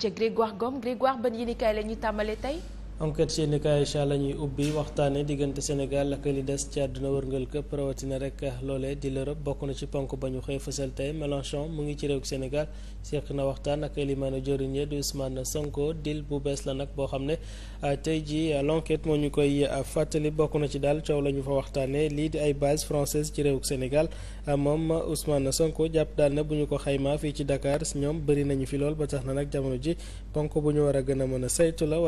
ca Grégoire Gomme Grégoire ban yéenekaay la ñuy tàmbale tey enquête yéen kaay incha allah ñuy ubbi waxtaane diggante Sénégal ak li des ci àdduna wërngal këpp rawatina rek loole di l'Europe bokk na ci ponk ba ñu xëy fësal tey Mélenchon mu ngi ci réew Sénégal seq na waxtaan ak limaanu jëriñ di Ousmane Sonko dil bu bees la nag boo xam ne ah, tey jii ah, l'enquête moo ñu koy ah, fàttali bokk na ci daal coow la ñu fa waxtaane lii di ay base française ci réew Sénégal moom Ousmane Sonko jàpp daal na bu ñu ko xaymaa fii ci Dakar ñoom bëri nañu fi lool ba tax na nag jamono ji ñu war gën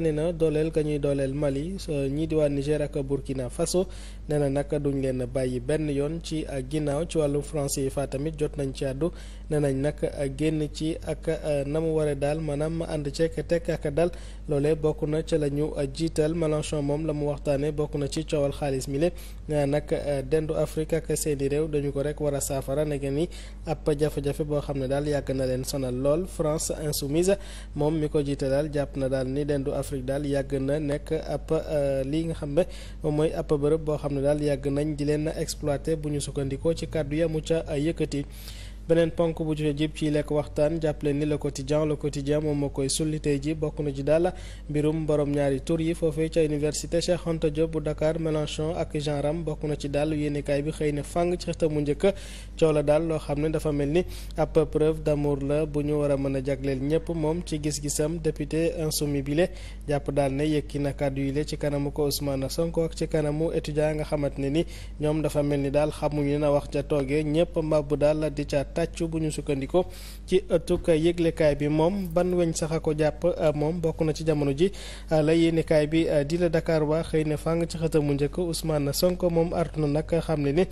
a waxtaanee na dooleel ka ñuy dooleel Mali ñii di waa Niger ak Burkina Faso nag duñ leen bàyyi benn yoon ci ginnaaw ci wàllum français yi fa tamit jot nañ ci àddu nee nañ nag génn ci ak euh, na mu waree daal maanaam ànd ceeg tek ak dal loole bokk na ca la ñu jiital Mélenchon moom la mu waxtaanee bokk na ci coowal xaalis mi le nee nag euh, dendu Afrique ak seeni réew dañu ko rek war a saafara nag ni ab jafe-jafe boo xam ne daal yàgg na leen sonal lool France insoumise moom mi ko jiite daal jàpp na daal ni dendu Afrique Afrique daal yàgg na nekk ab euh, lii nga xam ne moom mooy ab bërëb boo xam ne daal yàgg nañ di leen exploité bu ñu sukkandikoo ci kàddu ya ca a yëkkati. beneen ponk bu jotee jib ci lekk waxtaan jàppale ni le quotidien le quotidien moom moo koy sulli ji bokk na ci daal mbirum borom ñaari tur yi foofee ca université Cheikh Anta Diop bu Dakar Mélenchon ak Jean am bokk na ci daal yéenekaay bi xëy na fàng ci xëta mu njëkk coow dal loo xam ne dafa mel ni ab preuve d'amour la bu ñu war a mën a jagleel ñëpp moom ci gis-gisam député insoumis bile jàpp daal ne yëkki na kàddu yi ci kanamu ko Ousmane Sonko ak ci kanamu étudiant nga xamante ne ni ñoom dafa mel ni daal xamuñu na wax ca toogee ñëpp mabbu daal di caat tàccu bu ñu sukkandiku ci ëttug yeglekaay bi moom ban weñ sax a ko jàpp euh, moom bokk na ci jamono ji euh, la yéenekaay bi euh, di la Dakar waa xëy na fàng ci xëtamu njëkk Ousmane Sonko moom artu na nag xam ne ni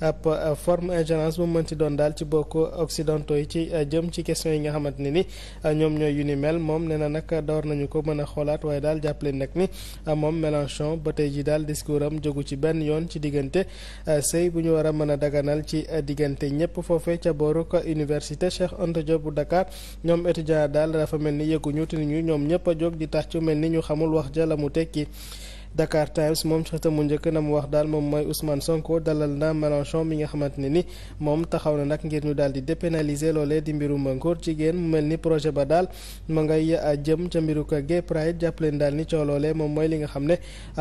ab forme ingérence bu mënti doon daal ci bokk occidentaux yi ci euh, jëm ci question yi nga xamante ne ni euh, ñoom ñooy yu ni mel moom nee na nag door nañu ko mën a xoolaat waaye daal jàppale nag ni euh, moom Mélenchon ba tey ji daal discours am jógu ci benn yoon ci diggante sëy bu ñu war a mën a daganal ci diggante ñëpp foofee ca booru ko université Cheikh Anta bu Dakar ñoom étudiant daal dafa mel ni yëguñu te ñu ñoom ñëpp a jóg di tax ci mel ni ñu xamul wax ja mu tekki Dakar Times moom xëta mu njëkk na mu wax daal moom mooy Ousmane Sonko dalal na Mélenchon mi nga xamante ne ni moom taxaw na nag ngir ñu daal di dépénaliser loolee di mbirum ngóor jigéen mel ni projet ba daal ma ngay jëm ca mbiru ko gay pride jàppaleen daal ni coo moom mooy li nga xam ne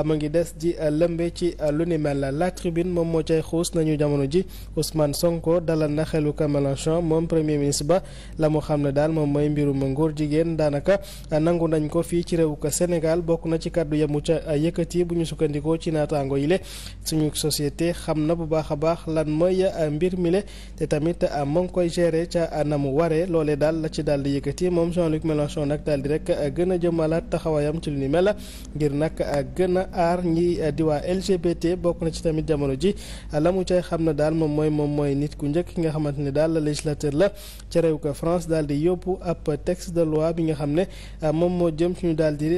ma ngi des di lëmbe ci lu ni mel la tribune moom moo cay xuus nañu jamono ji Ousmane Sonko dalal na xelu ko Mélenchon moom premier ministre ba la mu xam ne daal moom mooy mbirum ngóor jigéen daanaka nangu nañ ko fii ci réew ko Sénégal bokk na ci kàddu yamu ca yëkkati yëkkati bu ñu sukkandikoo ci naataango yi le suñu société xam na bu baax a baax lan mooy euh, mbir mi le te tamit euh, mu ngi koy gere ca euh, na mu waree loolee daal la ci daal di yëkkati moom Jean-Luc Mélenchon nag daal di rek a jëmalaat taxawaayam ci lu ni mel ngir nag gën a aar ñi di waa LGBT bokk na ci tamit jamono ji la mu cay xam na daal moom mooy moom mooy nit ku njëkk nga xamante ne daal législateur la ca réew ko France daal di yóbbu ab texte de loi bi nga xam ne moom moo jëm ci ñu di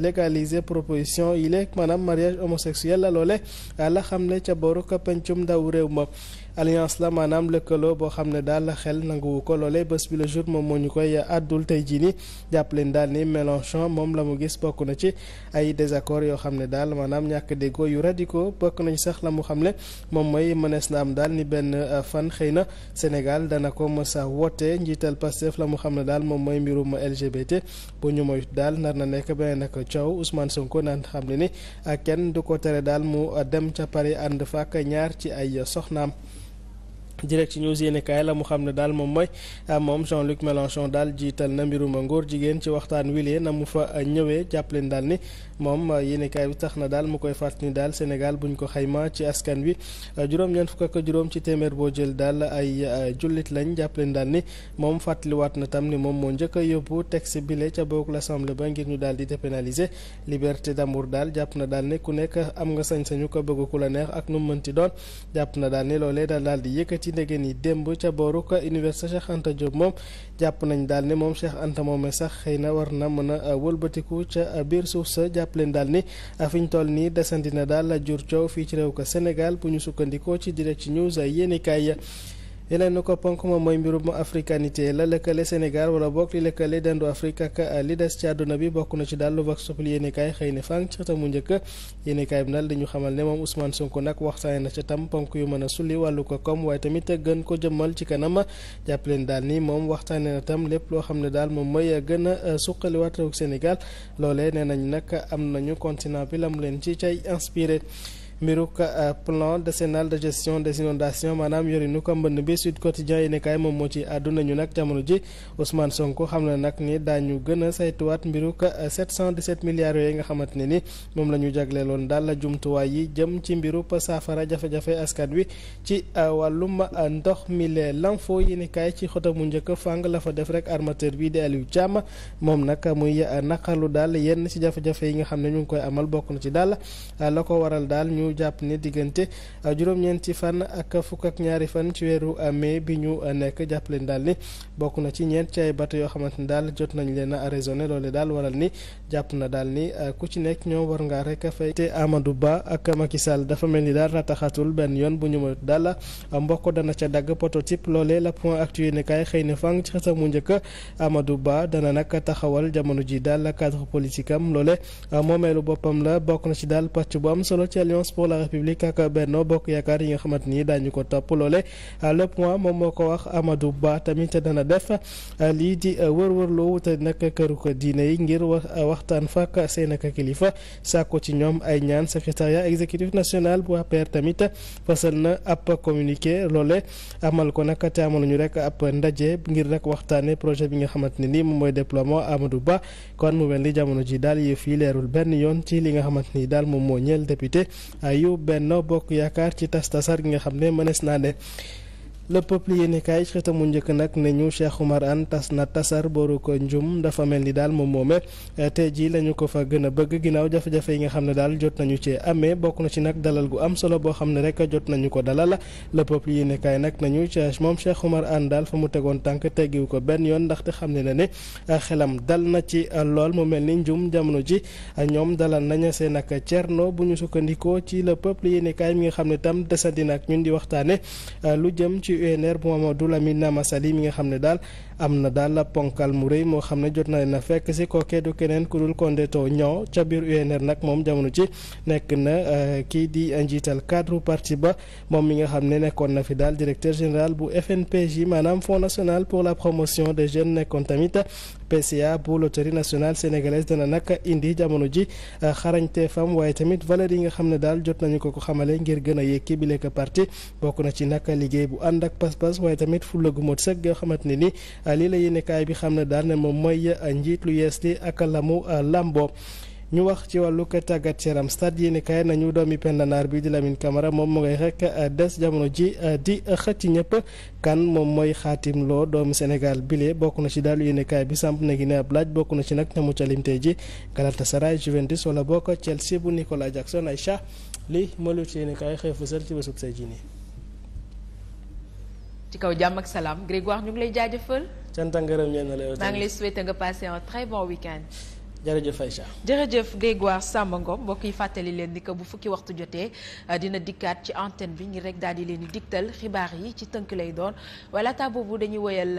légaliser proposition yi rek maanaam mariage homosexuel a loole la xam ne ca booru pencum ndaw réew ma alliance la maanaam lëkkaloo boo xam ne daal la xel nanguwu ko loolee bés bi le jour moom moo ñu koy àddul tey jii nii jàpp leen daal ni Mélenchon moom la mu gis bokk na ci ay désaccords yoo xam ne daal maanaam ñàkk déggoo yu radicaux bokk nañ sax la mu xam ne moom mooy mënees na am daal ni benn euh, fan xëy na Sénégal dana ko mës a woote njiital Pastef la mu xam ne daal moom mooy mbirum LGBT bu ñu moyut daal nar na nekk beneen ak coow Ousmane Sonko naan xam ne ni kenn du ko tere daal mu dem ca Paris ànd fa ñaar ci ay soxnaam. direct news yéen kaay la mu xam ne daal moom mooy ah, moom Jean-Luc Mélenchon daal jiital na mbirum ngóor jigéen ci waxtaan wilee na mu fa ñëwee jàppaleen daal ni moom ah, yéen kaay bi tax na daal mu koy fàttali ni daal Sénégal buñ ko xayma ci askan wi ah, juróom-ñeent fukk juróom ci téeméer boo jël daal ay jullit lañ jàppaleen daal ni moom fàttaliwaat na tam ni moom moo njëkk a yóbbu texte bile ca boog l'Assemblée ba ngir ñu daal di dépénaliser liberté d'amour daal jàpp na daal ne ku nekk am nga sañ-sañu ko bëgg ku la neex ak nu doon jàpp na daal ni loolee daal yëkkati ndege ni démb ca booru ko université Cheikh Anta Diop moom jàpp nañ daal ni moom Cheikh Anta moome sax xëy na war na mën a euh, wëlbatiku ca euh, biir suuf sa jàpp leen daal ni euh, fi ñu toll nii desandi na daal jur coow fii ci réew ko Sénégal bu ñu sukkandikoo ci direct news yenekaay ya yeneen ko ponk moom mooy mbirum africanité la lëkkale Sénégal wala bokk li lëkkale dendu afric ak ah, li des ci àdduna bi bokk na ci daal vox populi yéenekaay xëy na fang tam mu njëkk yéenekaay bi daal dañu xamal ne moom Ousmane Sonko nag waxtaane na ca tam ponk yu mën a sulli wàllu ko kom waaye tamit gën ko jëmal ci kanam jàpp leen daal nii moom waxtaane na tam lépp loo xam ne daal moom mooy gën a ah, suqaliwaat réew Sénégal loolee nee nañ nag am nañu continent bi lam leen ci cay inspiré mbiruk euh, plan décennal de gestion des inondations maanaam yorinu ko mbënn bi Sud Quotidien yi nekkaay moom moo ci àdduna ñu nag jamono ji Ousmane Sonko xam na nag ni daañu gën a saytuwaat mbiruk 717 euh, milliards yooyu nga xamante ne ni moom la jagleeloon daal la jumtuwaay yi jëm ci mbiru mbirub saafara jafe-jafe askan wi ci euh, wàllum ndox mi lee l'info ci xoto mu njëkk fàng la fa def rek armateur bii di Aliou Thiam moom nag muy naqarlu daal yenn ci jafe-jafe yi nga xam ne ñu ngi koy amal bokk na ci daal la ko waral daal ñu jàpp ne diggante euh, juróom-ñeenti fan ak fukk ak ñaari fan ci weeru euh, mai bi ñu euh, nekk jàpp leen daal ni bokk na ci ñeent ci ay bato yoo xamante ni daal jot nañ leen a arraisonné loole daal waral ni jàpp na daal ni ku ci nekk ñoo war ngaa rek fay te Amadou Ba ak Macky Sall dafa mel ni daal rataxatul benn yoon bu ñu ma daal mbokk dana ca dagg prototype loolee la point actuel ne kaay xëy na fang ci xasamu njëkk Amadou Ba dana nag taxawal jamono ji daal cadre politique am loole pour la république ak Benno Bokk Yaakaar yi nga xamante ni daañu ko topp loole le point moom moo ko wax Amadou Ba tamit dana def a lii di wërwërloo wute nag këru ko diine yi ngir waxtaan fak seen ak kilifa sàkko ci ñoom ay ñaan secrétariat exécutif national bu APR tamit fasal na ab communiqué loole amal ko nag te amaluñu rek ab ndaje ngir rek waxtaane projet bi nga xamante ne ni moom mooy déploiement amadu Ba kon mu mel jamono ji daal yëf leerul benn yoon ci li nga xamante ni daal moom moo ñeel député yu benn bokk yaakaar ci tas tasar gi nga xam ne mënees naa ne le peuple yéenekaay mu njëkk nag ne ñu Cheikh Oumar Anne tas na tasar booru ko njum dafa mel ni daal moom moome eh, te jii la ko fa gën a bëgg ginnaaw jafe-jafe yi nga xam ne daal jot nañu ci amee bokk na ci nag dalal gu am solo boo xam ne rek jot nañu ko dalal le peuple yéenekaay nag nañu moom Cheikh Oumar Anne daal fa mu tegoon tànk teggiwu ko benn yoon ndaxte xam ne na ne eh, xelam dal na ci eh, lool mu mel ni njuum jamono ji ñoom dalal nañ see ak cerno bu ñu sukkandikoo ci le peuple yéenekaay mi nga xam ne tam desandi nag ñun di waxtaane lu jëm ci ci UNR bu Mamadou Lamine Massaly mi nga xam ne daal am na daal la ponkal mu rëy moo xam ne jot na leen a fekk si kookee du keneen ku dul kondeto ñoo ca biir UNR nag moom jamono ci nekk na euh, kii di njiital cadre parti ba moom mi nga xam ne nekkoon na fi daal directeur général bu FNPJ maanaam Fonds national pour la promotion des jeunes nekkoon tamit PCA bu loterie nationale sénégalaise dana nag indi jamono ji eh, xarañte fam waaye tamit valeur yi nga xam ne daal jot nañu ko ko xamale ngir gën a yékki bi lekk parti bokk na ci nag liggéey bu ànd ak pas-pas waaye tamit fulla gu mot sëg yoo xamante ne ni eh, lii la yéenekaay bi xam ne daal ne moom mooy eh, njiit lu yees li ak lamu lamboo ñu wax ci wàllu tàggat yaram stade yéen kaay nañu doomi pendanaar bi di Lamine Camara moom mu ngay euh, des jamono ji euh, di xëcc ñëpp kan moom mooy xaatim loo doomu Sénégal bile bokk na ci daal yéen bi samp na gi ne ab laaj bokk na ci nag ñamu calimtee ji Galatasaray Juventus wala bokk Chelsea bu Nicolas Jackson ay cha li malut yéen kaay xëy fësal ci bésub say ji nii kaw jàmm ak salaam Grégoire ñu ngi jaajëfal. cant ak ngërëm ñeen na jërëjëf Aïcha jërëjëf Grégoire Samba Ngom mbokk yi fàttali leen ni bu fukki waxtu jotee euh, dina dikkaat ci antenne bi ngir rek daal di leen di digtal xibaar yi ci tënk lay doon wala ta boobu dañuy woyal